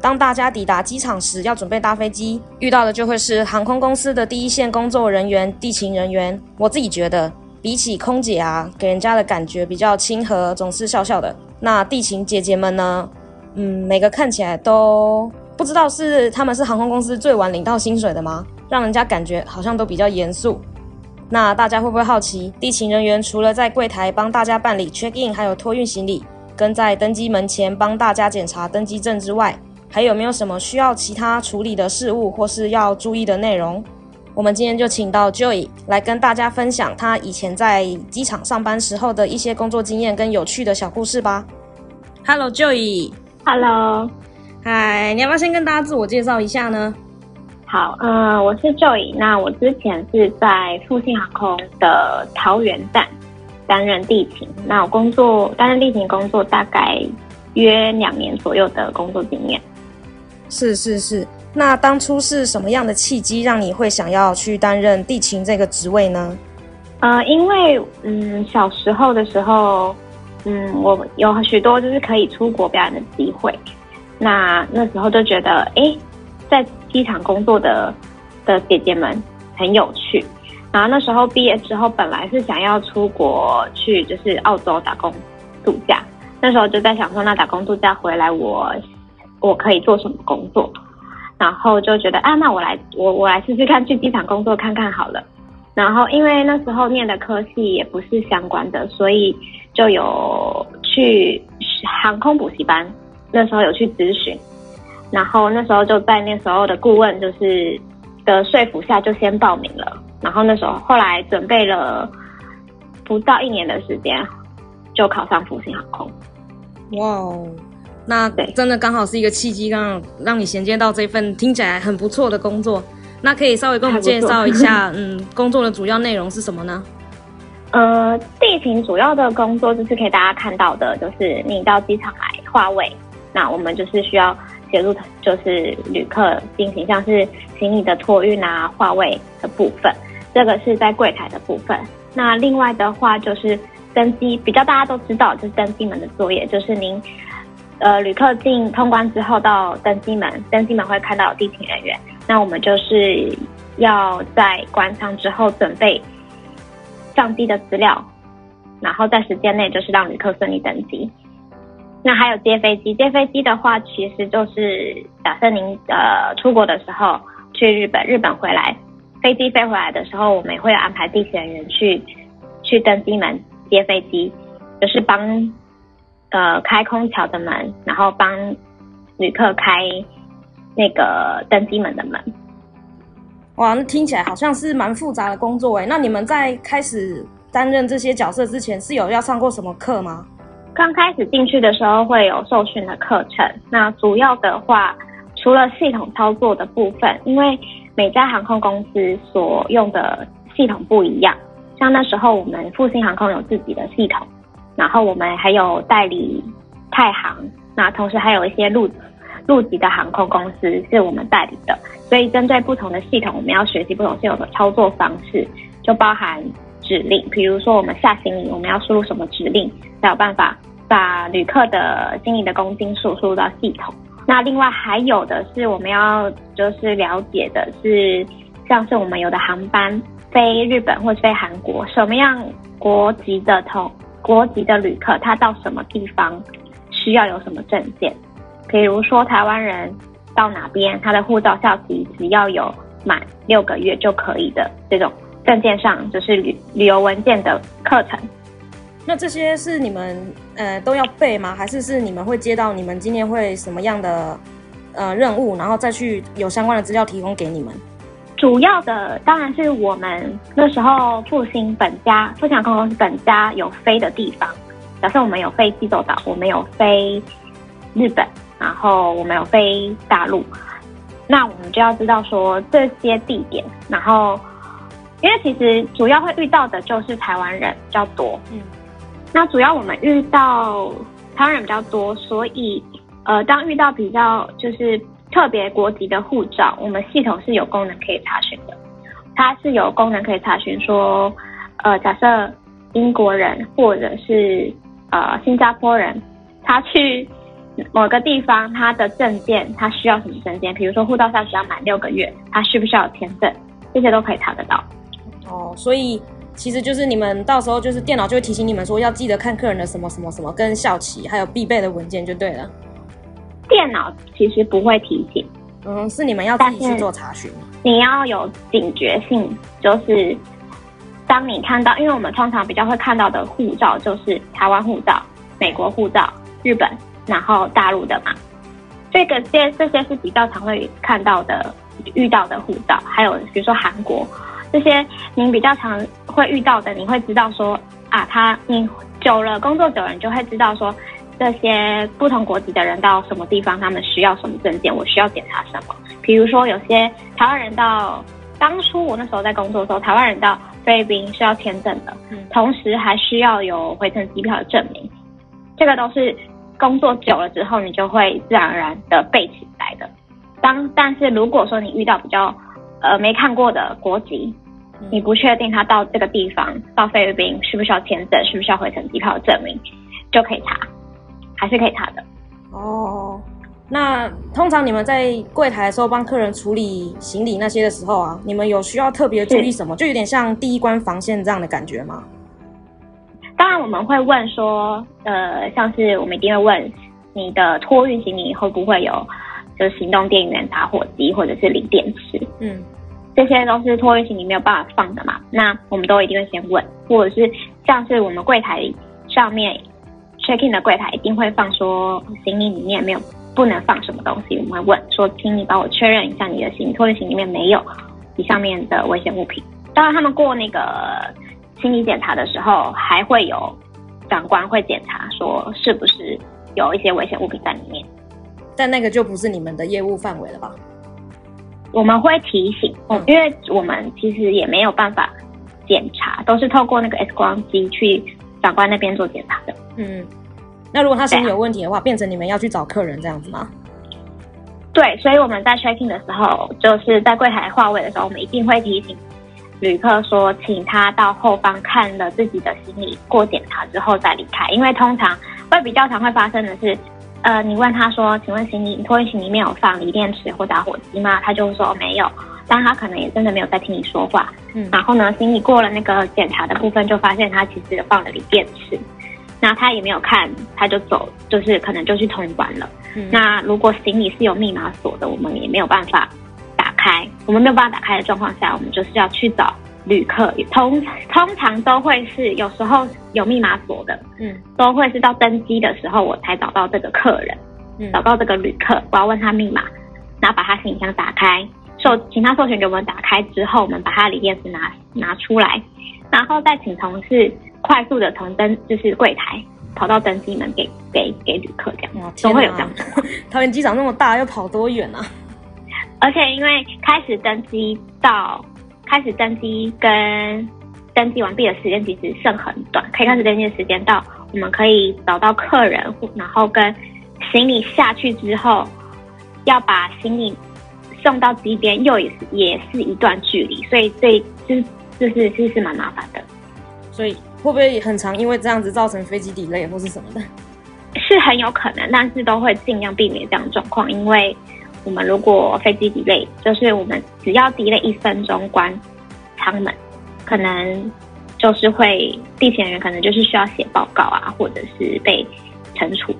當大家抵達機場時，要準備搭飛機，遇到的就會是航空公司的第一線工作人員——地勤人員。我自己覺得，比起空姐啊，給人家的感覺比較親和，總是笑笑的。那地勤姐姐們呢？嗯，每個看起來都不知道是他們是航空公司最晚領到薪水的嗎？讓人家感覺好像都比較嚴肅。那大家會不會好奇，地勤人員除了在櫃檯幫大家辦理 check in，還有托運行李，跟在登機門前幫大家檢查登機證之外，還有沒有什麼需要其他處理的事物，或是要注意的內容？我們今天就請到 Joy 來跟大家分享他以前在機場上班時候的一些工作經驗跟有趣的小故事吧。Hello，Joy。Hello，嗨，你要不要先跟大家自我介紹一下呢？好，啊，呃，我是 Joy。那我之前是在復興航空的桃園站擔任地勤，那我工作擔任地勤工作大概約兩年左右的工作經驗。是是是，那當初是什麼樣的契機讓你會想要去擔任地勤這個職位呢？呃，因為嗯，小時候的時候，嗯，我有許多就是可以出國表演的機會，那那時候就覺得，欸，在機場工作的的姐姐們很有趣。然後那時候畢業之後，本來是想要出國去就是澳洲打工度假，那時候就在想說，那打工度假回來我。我可以做什麼工作？然後就覺得，啊，那我來，我我來試試看，去機場工作看看好了。然後因為那時候念的科系也不是相關的，所以就有去航空補習班。那時候有去諮詢，然後那時候就在那時候的顧問就是的說服下，就先報名了。然後那時候後來準備了不到一年的時間，就考上復興航空。哇、wow. 那真的剛好是一個契機，讓對讓你銜接到這一份聽起來很不錯的工作。那可以稍微跟我們介紹一下，不 嗯，工作的主要內容是什麼呢？呃，地勤主要的工作就是可以大家看到的，就是你到機場來劃位，那我們就是需要協助就是旅客進行像是行李的托運啊、劃位的部分，這個是在櫃台的部分。那另外的話就是登機，比較大家都知道就是登機門的作業，就是您。呃，旅客進通關之後到登機門，登機門會看到地勤人員。那我們就是要在關艙之後準備上機的資料，然後在時間內就是讓旅客順利登機。那還有接飛機，接飛機的話，其實就是假設您呃出國的時候去日本，日本回來，飛機飛回來的時候，我們也會安排地勤人員去去登機門接飛機，就是幫。呃，開空橋的門，然後幫旅客開那個登機門的門。哇，那聽起來好像是蠻複雜的工作誒、欸。那你們在開始擔任這些角色之前，是有要上過什麼課嗎？剛開始進去的時候會有受訓的課程。那主要的話，除了系統操作的部分，因為每家航空公司所用的系統不一樣，像那時候我們復興航空有自己的系統。然後我們還有代理泰航，那同時還有一些陸陸籍的航空公司是我們代理的，所以針對不同的系統，我們要學習不同系統的操作方式，就包含指令。比如說我們下行李，我們要輸入什麼指令才有辦法把旅客的行李的公斤數輸入到系統。那另外還有的是，我們要就是了解的是，像是我們有的航班飛日本或是飛韓國，什麼樣國籍的同。國籍的旅客，他到什麼地方需要有什麼證件？比如說台灣人到哪邊，他的護照有效期只要有滿六個月就可以的這種證件上，就是旅旅遊文件的課程。那這些是你們呃都要背嗎？還是是你們會接到你們今天會什麼樣的呃任務，然後再去有相關的資料提供給你們？主要的當然是我們那時候復興本家，復興航空公司本家有飛的地方，假設我們有飛濟州島，我們有飛日本，然後我們有飛大陸，那我們就要知道說這些地點，然後因為其實主要會遇到的就是台灣人比較多，嗯，那主要我們遇到台灣人比較多，所以呃，當遇到比較就是。特別國籍的護照，我們系統是有功能可以查詢的。它是有功能可以查詢，說呃，假設英國人或者是呃新加坡人，他去某個地方，他的證件他需要什麼證件？比如說護照上只要滿六個月，他需不需要簽證？這些都可以查得到。哦，所以其實就是你們到時候就是電腦就會提醒你們說，要記得看客人的什麼什麼什麼跟效期，還有必備的文件就對了。電腦其實不會提醒，嗯，是你們要自己去做查詢。你要有警覺性，就是當你看到，因為我們通常比較會看到的護照就是台灣護照、美國護照、日本，然後大陸的嘛。這個這些這些是比較常會看到的、遇到的護照，還有比如說韓國這些，您比較常會遇到的，你會知道說啊，他你久了工作久了，你就會知道說。這些不同國籍的人到什麼地方，他們需要什麼證件，我需要檢查什麼？比如說，有些台灣人到當初我那時候在工作的時候，台灣人到菲律賓是要簽證的，同時還需要有回程機票的證明。這個都是工作久了之後，你就會自然而然的背起來的。當但是如果說你遇到比較呃沒看過的國籍，你不確定他到這個地方到菲律賓需不需要簽證，需不需要回程機票的證明，就可以查。還是可以查的哦。那通常你們在櫃檯的時候幫客人處理行李那些的時候啊，你們有需要特別注意什麼？是就有點像第一關防線這樣的感覺嗎？當然我們會問說，呃，像是我們一定會問你的托運行李會不會有就是行動電源、打火機或者是鋰電池，嗯，這些都是托運行李沒有辦法放的嘛。那我們都一定會先問，或者是像是我們櫃檯裡上面。check-in 的櫃檯一定會放說行李裡面沒有不能放什麼東西，我們會問說，請你幫我確認一下你的行李托運行李裡面沒有你上面的危險物品。當然，他們過那個行李檢查的時候，還會有長官會檢查說是不是有一些危險物品在裡面。但那個就不是你們的業務範圍了吧？我們會提醒，嗯嗯、因為我們其實也沒有辦法檢查，都是透過那個 X 光機去長官那邊做檢查的。嗯。那如果他行李有問題的話，啊、變成你們要去找客人這樣子嗎？對，所以我們在 check in 的時候，就是在櫃台劃位的時候，我們一定會提醒旅客說，請他到後方看了自己的行李過檢查之後再離開。因為通常會比較常會發生的是，呃，你問他說，請問行李，托運行李裡面有放鋰電池或打火機嗎？他就說沒有，但他可能也真的沒有在聽你說話。嗯，然後呢，行李過了那個檢查的部分，就發現他其實放了鋰電池。那他也沒有看，他就走，就是可能就去通關了。嗯，那如果行李是有密碼鎖的，我們也沒有辦法打開。我們沒有辦法打開的狀況下，我們就是要去找旅客。通通常都會是有時候有密碼鎖的，嗯，都會是到登機的時候我才找到這個客人，嗯，找到這個旅客，我要問他密碼，然後把他行李箱打開，授請他授權給我們打開之後，我們把他的鋰電池拿拿出來，然後再請同事。快速的從登就是櫃檯跑到登機門給給給給旅客這樣，啊、都會有這樣子，啊。桃園機場那麼大，要跑多遠啊？而且因為開始登機到開始登機跟登機完畢的時間其實剩很短，可以開始登機的時間到我們可以找到客人，然後跟行李下去之後，要把行李送到機邊，又也是也是一段距離，所以這就是就是就是蠻麻煩的，所以。會不會也很常因為這樣子造成飛機 delay 或是什麼的？是很有可能，但是都會儘量避免這樣的狀況。因為我們如果飛機 delay，就是我們只要 delay 一分鐘關艙門，可能就是會，地勤人員可能就是需要寫報告啊，或者是被懲處。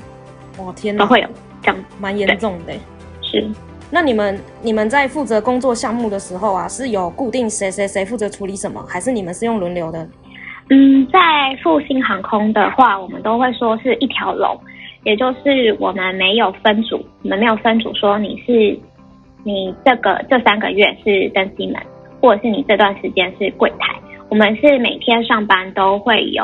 哇天哪，都會有這樣蠻嚴重的，是。那你們你們在負責工作項目的時候啊，是有固定誰誰誰負責處理什麼，還是你們是用輪流的？嗯，在復興航空的話，我們都會說是一條龍，也就是我們沒有分組，我們沒有分組說你是你這個這三個月是登機門，或者是你這段時間是櫃檯，我們是每天上班都會有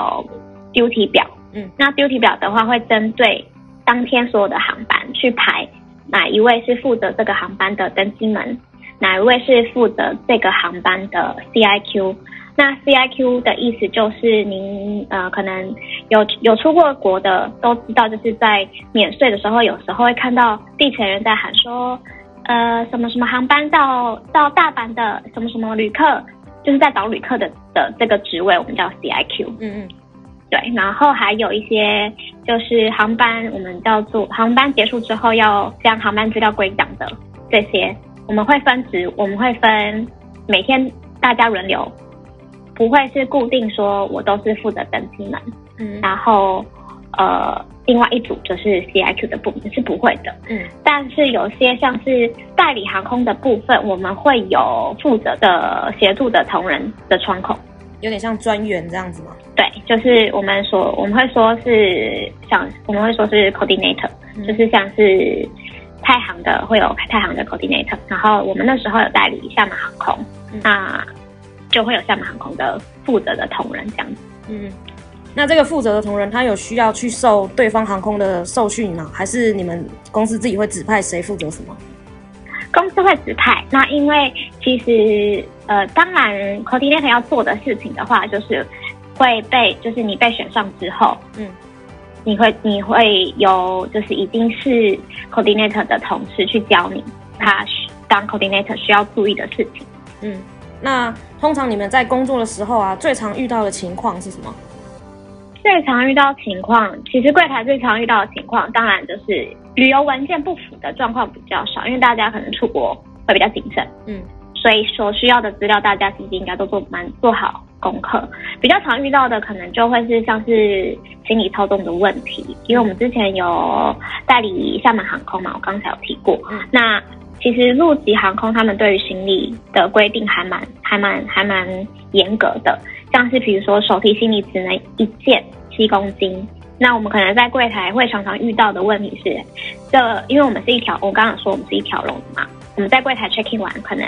duty 表，嗯，那 duty 表的話會針對當天所有的航班去排哪一位是負責這個航班的登機門，哪一位是負責這個航班的 CIQ。那 C I Q 的意思就是您，您呃可能有有出過國的都知道，就是在免稅的時候，有時候會看到地勤人在喊說，呃什麼什麼航班到到大阪的什麼什麼旅客，就是在找旅客的的這個職位，我們叫 C I Q。嗯嗯，對，然後還有一些就是航班，我們叫做航班結束之後要將航班資料歸檔的這些，我們會分值，我們會分每天大家輪流。不會是固定說，我都是負責登機門。嗯，然後，呃，另外一組就是 C I Q 的部門是不會的。嗯，但是有些像是代理航空的部分，我們會有負責的協助的同仁的窗口。有點像專員這樣子嗎？對，就是我們說我們會說是像我們會說是 coordinator，嗯，就是像是太行的會有太行的 coordinator，然後我們那時候有代理廈門航空，嗯，那。就會有廈門航空的負責的同仁這樣子。嗯，那這個負責的同仁，他有需要去受對方航空的受訓嗎？還是你們公司自己會指派誰負責什麼？公司會指派。那因為其實呃，當然 coordinator 要做的事情的話，就是會被，就是你被選上之後，嗯，你會你會有就是一定是 coordinator 的同事去教你，他當 coordinator 需要注意的事情，嗯。那通常你們在工作的時候啊，最常遇到的情況是什麼？最常遇到的情況，其實櫃檯最常遇到的情況，當然就是旅遊文件不符的狀況比較少，因為大家可能出國會比較謹慎，嗯，所以所需要的資料，大家其實應該都做蠻做好功課。比較常遇到的，可能就會是像是行李操縱的問題，因為我們之前有代理廈門航空嘛，我剛才有提過，那。其實，陸籍航空他們對於行李的規定還蠻、還蠻、還蠻、還蠻嚴格的。像是比如說，手提行李只能一件七公斤。那我們可能在櫃檯會常常遇到的問題是，這因為我們是一條，我剛剛說我們是一條龍嘛，我們在櫃檯 check in 完，可能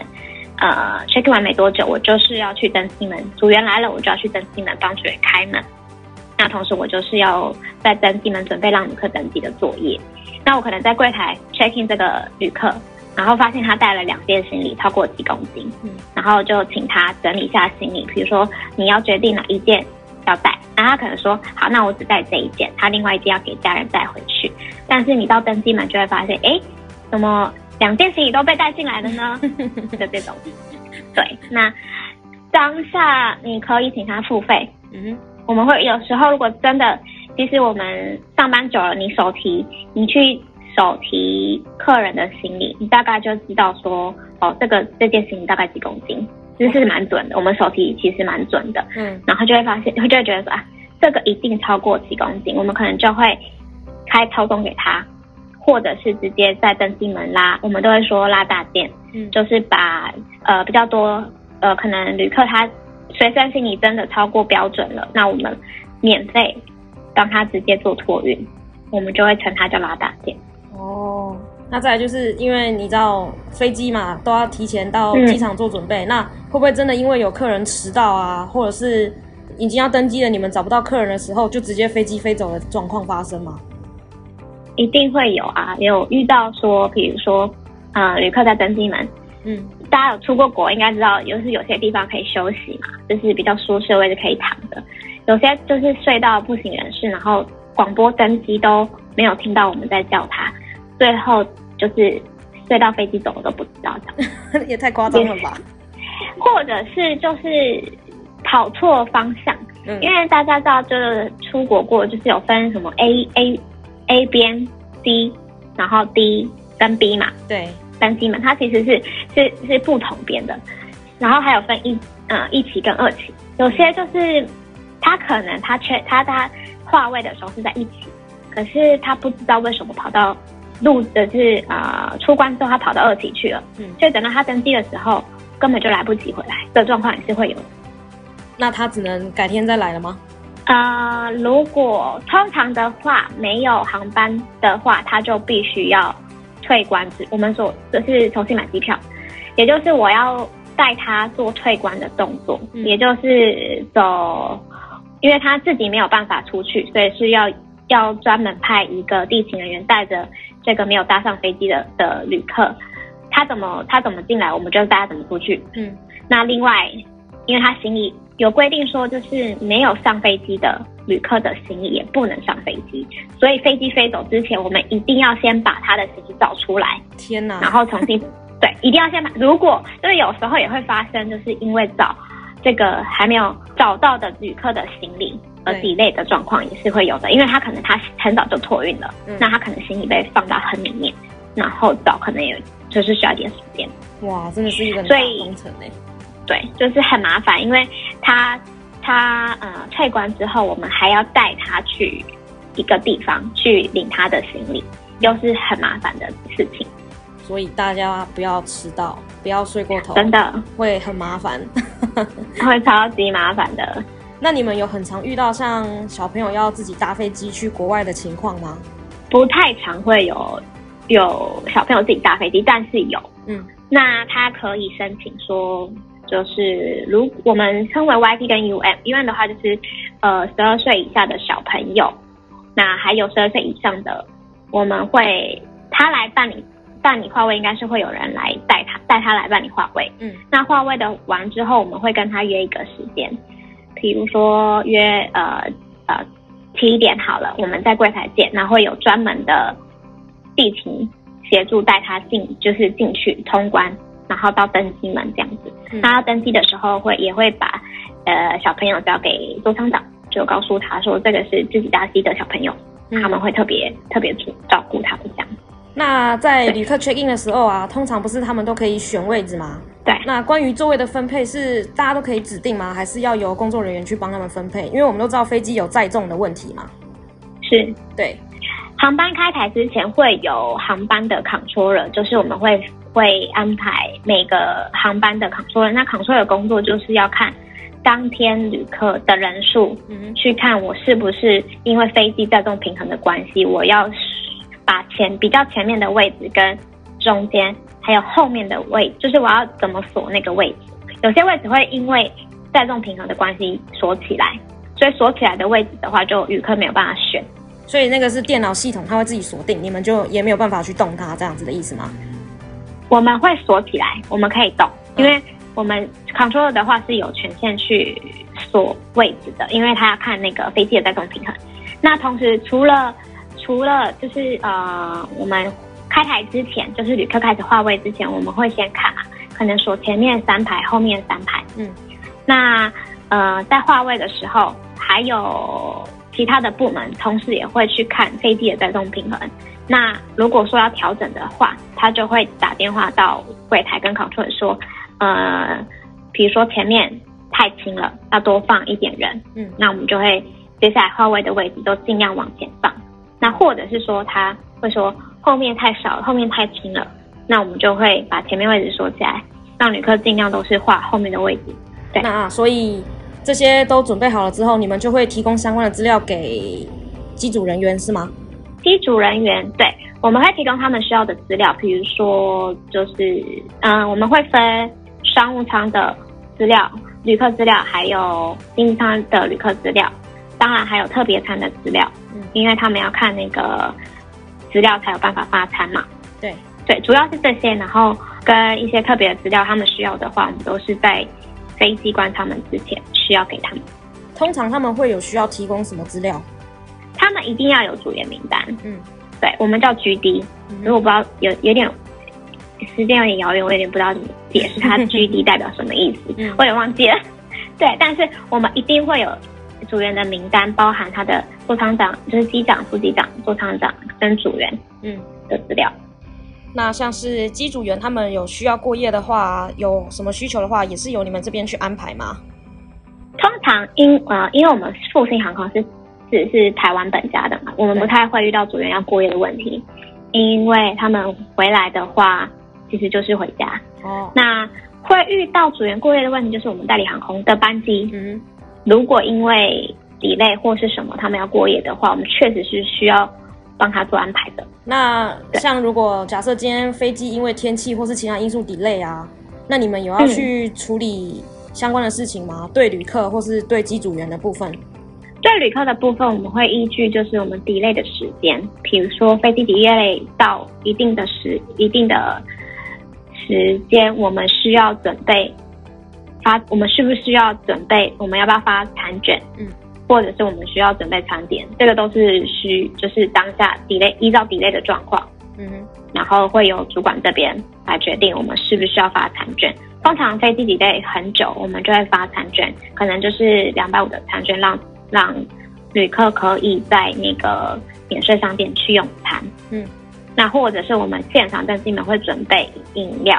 呃 check in 完沒多久，我就是要去登機門，組員來了，我就要去登機門幫組員開門。那同時，我就是要在登機門準備讓旅客登機的作業。那我可能在櫃檯 check in 這個旅客。然後發現他帶了兩件行李，超過幾公斤，嗯、然後就請他整理一下行李。比如說，你要決定哪一件要帶，那他可能說：“好，那我只帶這一件。”他另外一件要給家人帶回去。但是你到登機門就會發現，哎，怎麼兩件行李都被帶進來了呢？就、嗯、 這種，對，那當下你可以請他付費。嗯哼，我們會有時候，如果真的，其實我們上班久了，你手提，你去。手提客人的行李，你大概就知道說哦，這個這件行李大概幾公斤，其實是蠻準的。哦、我們手提其實蠻準的，嗯，然後就會發現，就會覺得說啊，這個一定超過幾公斤，我們可能就會開超重給他，或者是直接在登機門拉。我們都會說拉大件，嗯，就是把呃比較多呃可能旅客他隨身行李真的超過標準了，那我們免費幫他直接做托運，我們就會稱他叫拉大件。哦，那再來就是因為你知道飛機嘛，都要提前到機場做準備。嗯、那會不會真的因為有客人遲到啊，或者是已經要登機了，你們找不到客人的時候，就直接飛機飛走的狀況發生嗎？一定會有啊，也有遇到說，比如說，嗯、呃，旅客在登機門，嗯，大家有出過國應該知道，就是有些地方可以休息嘛，就是比較舒適的位置可以躺的，有些就是睡到不省人事，然後廣播登機都沒有聽到我們在叫他。最後就是睡到飛機走，我都不知道這樣。 也太誇張了吧！或者是就是跑錯方向，嗯、因為大家知道就是出國過，就是有分什麼 A A A 邊 C 然後 D 跟 B 嘛，對，登機嘛，它其實是是是不同邊的。然後還有分一呃一期跟二期，有些就是他可能他缺他他劃位的時候是在一起，可是他不知道為什麼跑到。錄的是啊、呃，出關之後他跑到二期去了，嗯、所以等到他登機的時候，根本就來不及回來，這個狀況也是會有的。那他只能改天再來了嗎？啊、呃，如果通常的話沒有航班的話，他就必須要退關，我們說這是重新買機票，也就是我要帶他做退關的動作，嗯、也就是走，因為他自己沒有辦法出去，所以是要要專門派一個地勤人員帶着。這個沒有搭上飛機的的旅客，他怎麼他怎麼進來，我們就帶他怎麼出去。嗯，那另外，因為他行李有規定說，就是沒有上飛機的旅客的行李也不能上飛機，所以飛機飛走之前，我們一定要先把他的行李找出來。天哪！然後重新 對，一定要先把。如果就是有時候也會發生，就是因為找這個還沒有找到的旅客的行李。<對 >delay 的狀況也是會有的，因為他可能他很早就托運了，嗯、那他可能行李被放到很裡面，嗯、然後早可能也就是需要點時間。哇，真的是一個大工程哎！對，就是很麻煩，因為他他呃，退關之後，我們還要帶他去一個地方去領他的行李，又是很麻煩的事情。所以大家不要遲到，不要睡過頭，真的會很麻煩， 會超級麻煩的。那你們有很常遇到像小朋友要自己搭飛機去國外的情況嗎？不太常會有，有小朋友自己搭飛機，但是有，嗯，那他可以申請說，就是如我們稱為 YP 跟 UM，UM、嗯 UM、的話就是呃十二歲以下的小朋友，那還有十二歲以上的。我們會他來辦理辦理劃位，應該是會有人來帶他帶他來辦理劃位，嗯，那劃位的完之後，我們會跟他約一個時間。比如說約呃呃七點好了，我們在櫃檯見，然後會有專門的地勤協助帶他進，就是進去通關，然後到登機門這樣子。嗯、他登機的時候會也會把呃小朋友交給座艙長，就告訴他說這個是自己家系的小朋友，他們會特別、嗯、特別照顧他們這樣子。那在旅客 check in 的時候啊，對通常不是他們都可以選位置嗎？對。那關於座位的分配是大家都可以指定嗎？還是要由工作人員去幫他們分配？因為我們都知道飛機有載重的問題嘛。是。對。航班開台之前會有航班的 controller，就是我們會、嗯、會安排每個航班的 controller。那 controller 工作就是要看當天旅客的人數，嗯、去看我是不是因為飛機載重平衡的關係，我要。把前比較前面的位置跟中間，還有後面的位置，就是我要怎麼鎖那個位置，有些位置會因為載重平衡的關係鎖起來，所以鎖起來的位置的話，就旅客沒有辦法選。所以那個是電腦系統，它會自己鎖定，你們就也沒有辦法去動它，這樣子的意思嗎？我們會鎖起來，我們可以動，因為我們 control 的話是有權限去鎖位置的，因為他要看那個飛機的載重平衡。那同時除了除了就是呃，我們開台之前，就是旅客開始劃位之前，我們會先看啊，可能說前面三排，後面三排，嗯，那呃，在劃位的時候，還有其他的部門，同時也會去看飛機的載重平衡。那如果說要調整的話，他就會打電話到櫃台跟 control 說，呃，比如說前面太輕了，要多放一點人，嗯，那我們就會接下來劃位的位置都儘量往前放。或者是說他會說，後面太少，後面太輕了，那我們就會把前面位置鎖起來，讓旅客儘量都是畫後面的位置。對，那、啊、所以這些都準備好了之後，你們就會提供相關的資料給機組人員是嗎？機組人員對，我們會提供他們需要的資料，比如說就是嗯、呃，我們會分商務艙的資料、旅客資料，還有經濟艙的旅客資料，當然還有特別餐的資料。因為他們要看那個資料才有辦法發餐嘛。對對，主要是這些，然後跟一些特別的資料，他們需要的話，我們都是在飛機關艙門之前需要給他們。通常他們會有需要提供什麼資料？他們一定要有組員名單。嗯，對，我們叫 GD，如果不知道，有有點時間有點遙遠，我有點不知道怎麼解釋他 GD 代表什麼意思。嗯， 我也忘記了。對，但是我們一定會有。組員的名單包含他的座艙長，就是機長、副機長、座艙長跟組員，嗯，的資料。那像是機組員他們有需要過夜的話，有什麼需求的話，也是由你們這邊去安排嗎？通常因啊、呃，因為我們復興航空是只是，是台灣本家的嘛，我們不太會遇到組員要過夜的問題，對因為他們回來的話其實就是回家。哦，那會遇到組員過夜的問題，就是我們代理航空的班機。嗯。如果因為 delay 或是什麼他們要過夜的話，我們確實是需要幫他做安排的。那像如果假設今天飛機因為天氣或是其他因素 delay 啊，那你們有要去處理相關的事情嗎？嗯、對旅客或是對機組員的部分？對旅客的部分，我們會依據就是我們 delay 的時間，比如說飛機 d e 類到一定的時一定的時間，我們需要準備。他，我們需不需要準備？我們要不要發餐券？嗯，或者是我們需要準備餐點？這個都是需，就是當下 delay 依照 delay 的狀況，嗯，然後會由主管這邊來決定我們是不是要發餐券。通常飛機 delay 很久，我們就會發餐券，可能就是兩百五的餐券，讓讓旅客可以在那個免稅商店去用餐，嗯，那或者是我們現場在機裡會準備飲料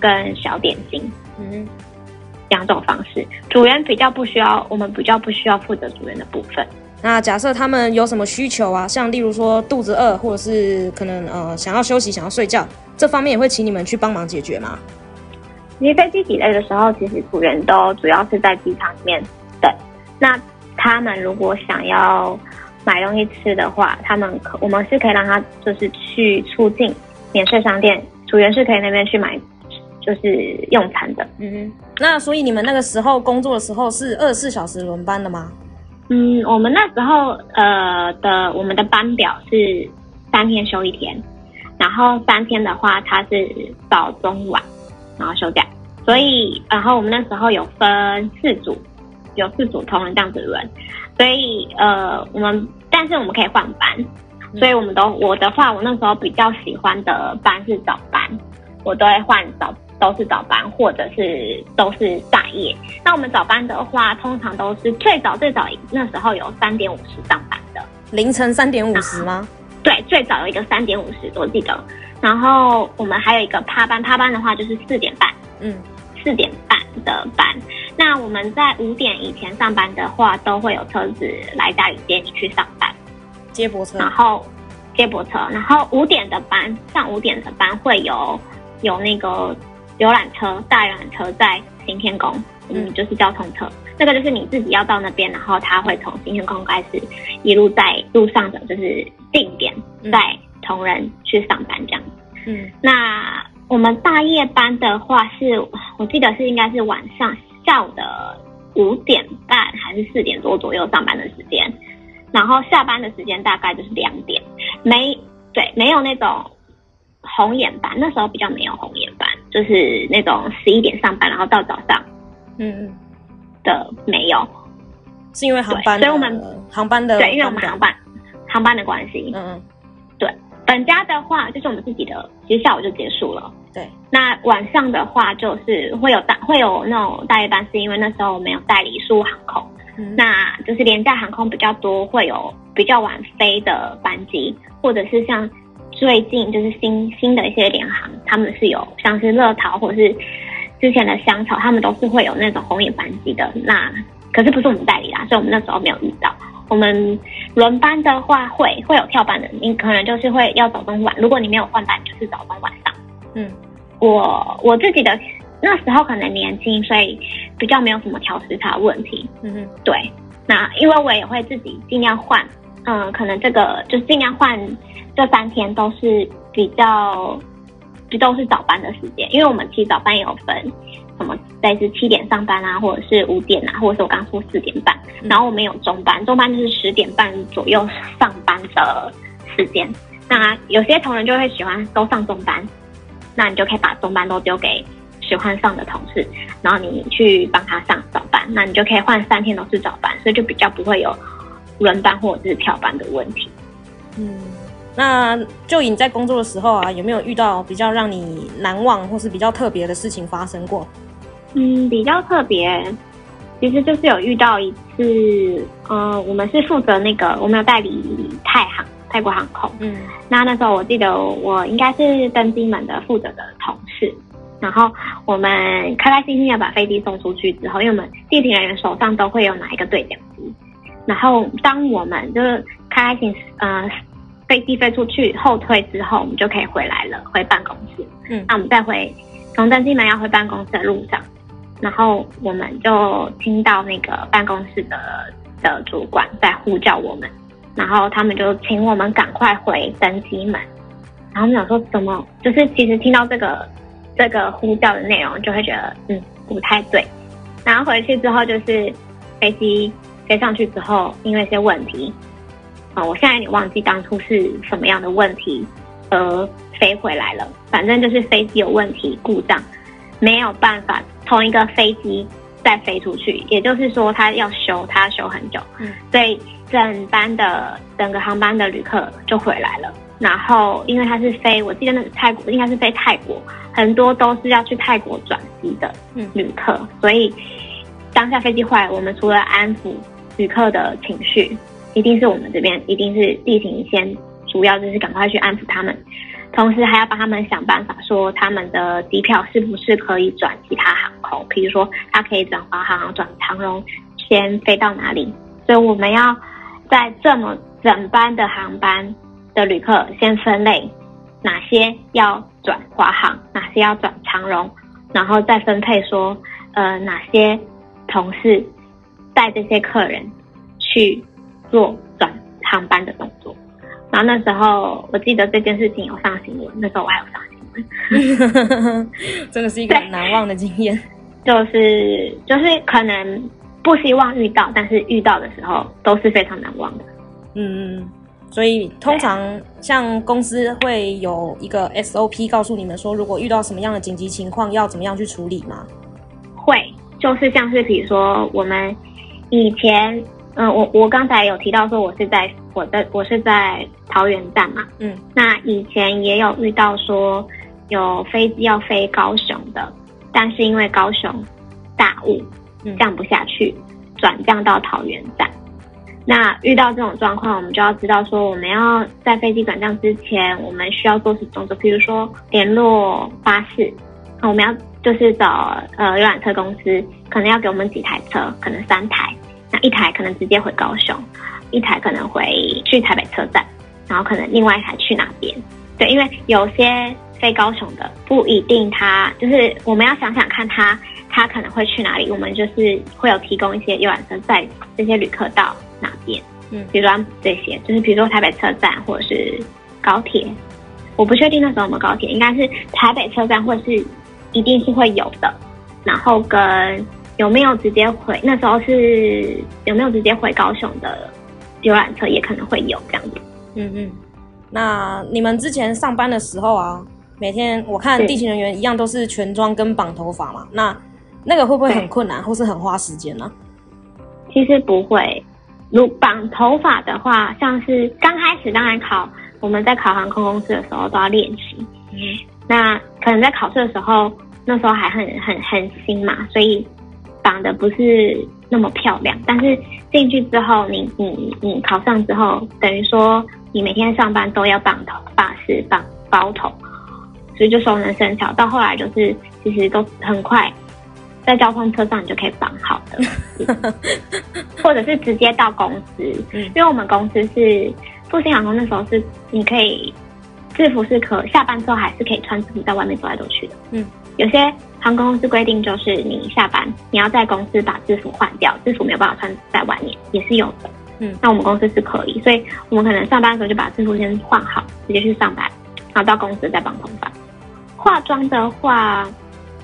跟小點心，嗯。嗯兩種方式，組員比較不需要，我們比較不需要負責組員的部分。那假設他們有什麼需求啊，像例如說肚子餓，或者是可能呃想要休息、想要睡覺，這方面也會請你們去幫忙解決嗎？其實飛機 delay 的時候，其實組員都主要是在機場裡面，對，那他們如果想要買東西吃的話，他們可我們是可以讓他就是去出境免稅商店，組員是可以那邊去買。就是用餐的，嗯，那所以你們那個時候工作的時候是二十四小時輪班的嗎？嗯，我們那時候呃的，我們的班表是三天休一天，然後三天的話它是早中晚，然後休假，所以然後我們那時候有分四組，有四組同仁這樣子輪，所以呃我們但是我們可以換班，所以我們都我的話我那時候比較喜歡的班是早班，我都會換早。都是早班，或者是都是大夜。那我們早班的話，通常都是最早最早那時候有三點五十上班的，凌晨三點五十嗎？對，最早有一個三點五十，我記得。然後我們還有一個趴班，趴班的話就是四點半，嗯，四點半的班。那我們在五點以前上班的話，都會有車子來家裡接你去上班，接駁車。然後接駁車，然後五點的班上五點的班會有有那個。遊覽車、大遊覽車在新天宮，嗯，就是交通車。這、嗯、個就是你自己要到那邊，然後他會從新天宮開始一路在路上的，就是定點帶、嗯、同仁去上班這樣。嗯，那我們大夜班的話是，是我記得是應該是晚上下午的五點半還是四點多左右上班的時間，然後下班的時間大概就是兩點，沒對，沒有那種紅眼班，那時候比較沒有紅眼。就是那種十一點上班，然後到早上，嗯的沒有、嗯，是因為航班，所以我們航班的對，因為我們航班航班的關係，嗯嗯，對，本家的話就是我們自己的，其實下午就結束了，對，那晚上的話就是會有大會有那種大夜班，是因為那時候沒有代理數航空，嗯、那就是廉價航空比較多，會有比較晚飛的班機，或者是像。最近就是新新的一些廉航，他們是有像是樂桃，或者是之前的香草，他們都是會有那種紅眼班機的。那可是不是我們代理啦，所以我們那時候沒有遇到。我們輪班的話會會有跳班的，你可能就是會要早中晚。如果你沒有換班，就是早中晚上。嗯，我我自己的那時候可能年輕，所以比較沒有什麼調時差問題。嗯哼，對。那因為我也會自己儘量換。嗯，可能這個就盡量換，這三天都是比較，都是早班的時間，因為我們其實早班也有分，什麼類似七點上班啊，或者是五點啊，或者是我剛剛說四點半，然後我們有中班，中班就是十點半左右上班的時間。那有些同仁就會喜歡都上中班，那你就可以把中班都丟給喜歡上的同事，然後你去幫他上早班，那你就可以換三天都是早班，所以就比較不會有。輪班或者是票班的問題。嗯，那就你在工作的時候啊，有沒有遇到比較讓你難忘或是比較特別的事情發生過？嗯，比較特別，其實就是有遇到一次。呃，我們是負責那個我們有代理泰航泰國航空。嗯，那那時候我記得我應該是登機門的負責的同事，然後我們開開心心的把飛機送出去之後，因為我們地勤人員手上都會有拿一個對講機。然後當我們就是開起呃飛機飛出去後退之後，我們就可以回來了，回辦公室。嗯，那我們再回從登機門要回辦公室的路上，然後我們就聽到那個辦公室的的主管在呼叫我們，然後他們就請我們趕快回登機門。然後我們想說什麼，怎麼就是其實聽到這個這個呼叫的內容，就會覺得嗯不太對。然後回去之後，就是飛機。飛上去之後，因為一些問題啊、哦，我現在已經忘記當初是什麼樣的問題，而飛回來了。反正就是飛機有問題故障，沒有辦法同一個飛機再飛出去。也就是說，他要修，他要修很久。嗯，所以整班的整個航班的旅客就回來了。然後，因為他是飛，我記得那個泰國，應該是飛泰國，很多都是要去泰國轉機的旅客。所以當下飛機壞，我們除了安撫。旅客的情緒一定是我們這邊，一定是地勤先，主要就是趕快去安撫他們，同時還要幫他們想辦法，說他們的機票是不是可以轉其他航空，比如說他可以轉華航、轉長榮，先飛到哪裡。所以我們要在這麼整班的航班的旅客先分類，哪些要轉華航，哪些要轉長榮，然後再分配說，呃，哪些同事。帶這些客人去做轉航班的動作，然後那時候我記得這件事情有上新聞，那時候我還有上新聞， 真的是一個很難忘的經驗。就是就是可能不希望遇到，但是遇到的時候都是非常難忘的。嗯，所以通常像公司會有一個 SOP 告訴你們說，如果遇到什麼樣的緊急情況要怎麼樣去處理嗎？對會，就是像是比如說我們。以前，嗯、呃，我我剛才有提到說，我是在我的，我是在桃園站嘛，嗯，那以前也有遇到說有飛機要飛高雄的，但是因為高雄大霧降不下去，轉、嗯、降到桃園站。那遇到這種狀況，我們就要知道說，我們要在飛機轉降之前，我們需要做什麼動作？比如說聯絡巴士，我們要就是找呃遊覽車公司，可能要給我們幾台車，可能三台。一台可能直接回高雄，一台可能回去台北車站，然後可能另外一台去哪邊？對，因為有些飛高雄的不一定，他就是我們要想想看，他他可能會去哪裡，嗯、我們就是會有提供一些遊覽車載這些旅客到哪邊，嗯，比如說這些就是比如說台北車站或者是高鐵，我不確定那時候我們高鐵，應該是台北車站或是一定是會有的，然後跟。有沒有直接回，那時候是有沒有直接回高雄的遊覽車？也可能會有這樣子。嗯嗯。那你們之前上班的時候啊，每天我看地勤人員一樣都是全妝跟綁頭髮嘛。對那那個會不會很困難對或是很花時間呢、啊？其實不會。如綁頭髮的話，像是剛開始當然考我們在考航空公司的時候都要練習。嗯。那可能在考試的時候，那時候還很很很新嘛，所以。綁的不是那麼漂亮，但是進去之後你，你你你考上之後，等於說你每天上班都要綁頭髮絲，綁包頭，所以就熟能生巧。到後來就是其實都很快，在交通車上你就可以綁好的， 嗯，或者是直接到公司，因為我們公司是復興航空，那時候是你可以制服是可以下班之後還是可以穿制服在外面走來走去的，嗯。有些航空公司規定，就是你下班你要在公司把制服換掉，制服沒有辦法穿在外面，也是有的。嗯，那我們公司是可以，所以我們可能上班的時候就把制服先換好，直接去上班，然後到公司再綁頭髮。化妝的話，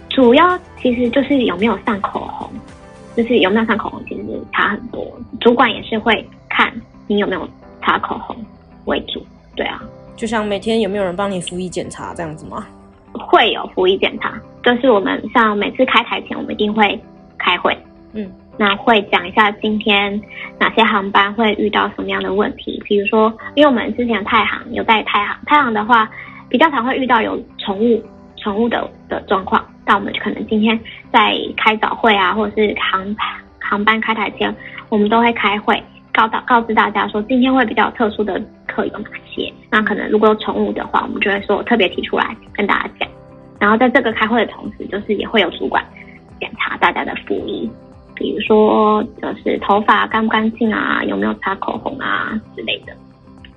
主要其實就是有沒有上口紅，就是有沒有上口紅，其實差很多。主管也是會看你有沒有擦口紅為主。對啊，就像每天有沒有人幫你服儀檢查這樣子嗎？會有服役檢查，就是我們像每次開台前，我們一定會開會，嗯，那會講一下今天哪些航班會遇到什麼樣的問題，比如說，因為我們之前泰航有帶泰航，泰航的話比較常會遇到有寵物寵物的的狀況，那我們可能今天在開早會啊，或者是航航班開台前，我們都會開會告導告知大家說今天會比較特殊的。會有哪些？那可能如果有寵物的話，我們就會說我特別提出來跟大家講。然後在這個開會的同時，就是也會有主管檢查大家的服儀，比如說就是頭髮乾不乾淨啊，有沒有擦口紅啊之類的。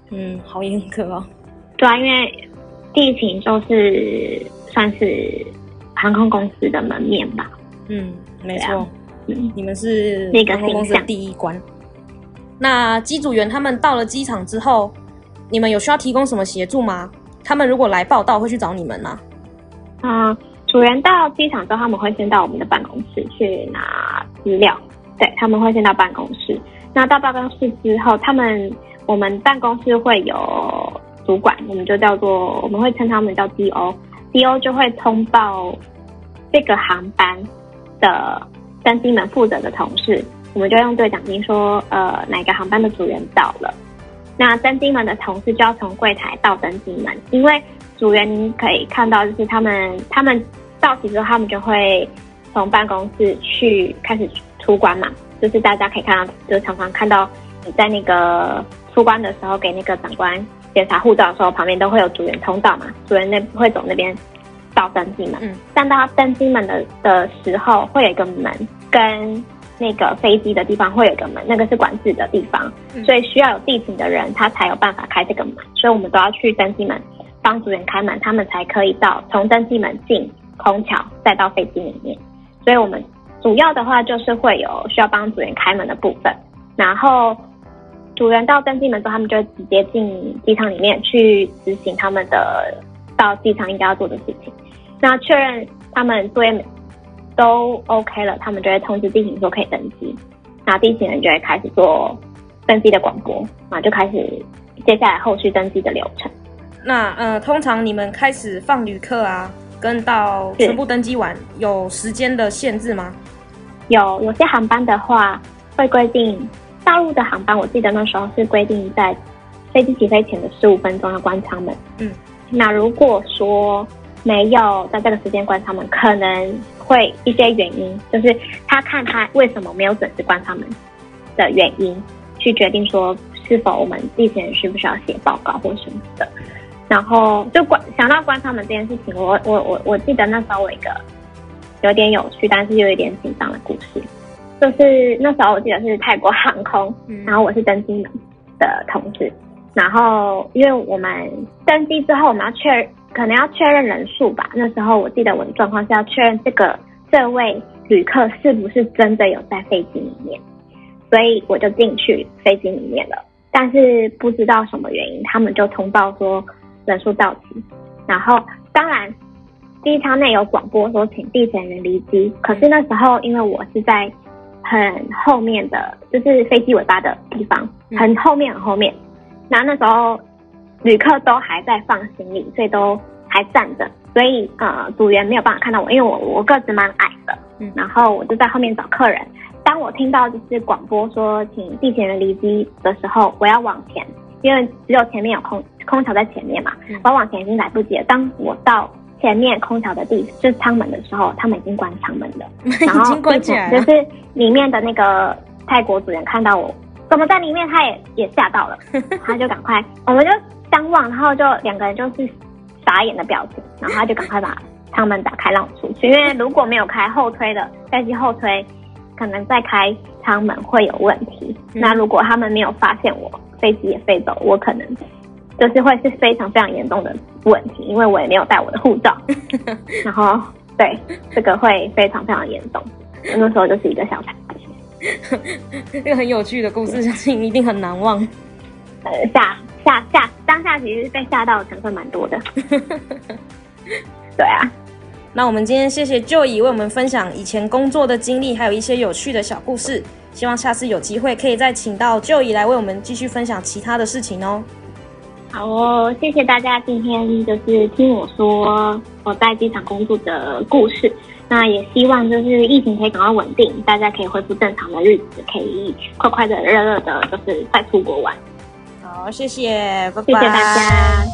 嗯，好嚴格哦。對啊，因為地勤就是算是航空公司的門面吧。嗯，沒錯。啊、你們是那、嗯、航空公司的第一關。那機組員他們到了機場之後，你們有需要提供什麼協助嗎？他們如果來報到，會去找你們嗎、啊？啊、呃，主人到機場之後，他們會先到我們的辦公室去拿資料。對，他們會先到辦公室。那到辦公室之後，他們我們辦公室會有主管，我們就叫做我們會稱他們叫 D O D O，就會通報這個航班的登機門負責的同事，我們就用對講機說，呃，哪個航班的主人到了。那登機門的同事就要從櫃檯到登機門，因為組員可以看到，就是他們他們到齊之後，他們就會從辦公室去開始出關嘛。就是大家可以看到，就是，常常看到你在那個出關的時候，給那個長官檢查護照的時候，旁邊都會有組員通道嘛。組員那會走那邊到登機門。嗯。但到登機門的的時候，會有一個門跟。那個飛機的地方會有個門，那個是管制的地方，所以需要有地勤的人，他才有辦法開這個門。所以我們都要去登機門幫主人開門，他們才可以到從登機門進空橋，再到飛機裡面。所以我們主要的話就是會有需要幫主人開門的部分，然後主人到登機門之後，他們就直接進機艙裡面去執行他們的到機場應該要做的事情，那確認他們作業。都 OK 了，他們就會通知地勤說可以登機，那地勤人就會開始做登機的廣播，那就開始接下來後續登機的流程。那、呃，通常你們開始放旅客啊，跟到全部登機完是有時間的限制嗎？有，有些航班的話會規定，大陸的航班，我記得那時候是規定在飛機起飛前的十五分鐘要關艙門。嗯，那如果說沒有在這個時間關艙門，可能。會一些原因，就是他看他為什麼沒有準時關艙門的原因，去決定說是否我們地勤人需不需要寫報告或什麼的。然後就關想到關艙門這件事情，我我我我記得那時候我一個有點有趣，但是又有點緊張的故事，就是那時候我記得是泰國航空，嗯、然後我是登機的同事，然後因為我們登機之後，我們要確認。可能要確認人數吧。那時候我記得我的狀況是要確認這個這位旅客是不是真的有在飛機裡面，所以我就進去飛機裡面了。但是不知道什麼原因，他們就通報說人數到齊。然後當然，機艙內有廣播說請地勤人離機。可是那時候因為我是在很後面的，就是飛機尾巴的地方，很後面很後面。那那時候。旅客都還在放行李，所以都還站着，所以呃，組員沒有辦法看到我，因為我我個子蠻矮的，嗯，然後我就在後面找客人。當我聽到就是廣播說請地勤人離機的時候，我要往前，因為只有前面有空空橋在前面嘛，我往前已經來不及了。當我到前面空橋的地就是艙門的時候，他們已經關艙門了，已經關起來了。就是裡面的那個泰國組員看到我怎麼在裡面，他也也嚇到了，他就趕快，我們就。張望，然後就兩個人就是傻眼的表情，然後他就趕快把艙門打開讓我出去，因為如果沒有開後推的飛機後推，可能再開艙門會有問題。嗯、那如果他們沒有發現我，飛機也飛走，我可能就是會是非常非常嚴重的問題，因為我也沒有帶我的護照。 然後對這個會非常非常嚴重，我那時候就是一個小插曲， 一個很有趣的故事，相信一定很難忘。 呃，下。嚇嚇，當下其實被嚇到的成分蠻多的， 對啊。那我們今天謝謝 Joy 為我們分享以前工作的經歷，還有一些有趣的小故事。希望下次有機會可以再請到 Joy 來為我們繼續分享其他的事情哦。好哦，謝謝大家今天就是聽我說我在機場工作的故事。那也希望就是疫情可以趕快穩定，大家可以恢復正常的日子，可以快快的、熱熱的，就是快出國玩。好，謝謝，拜拜，謝謝大家。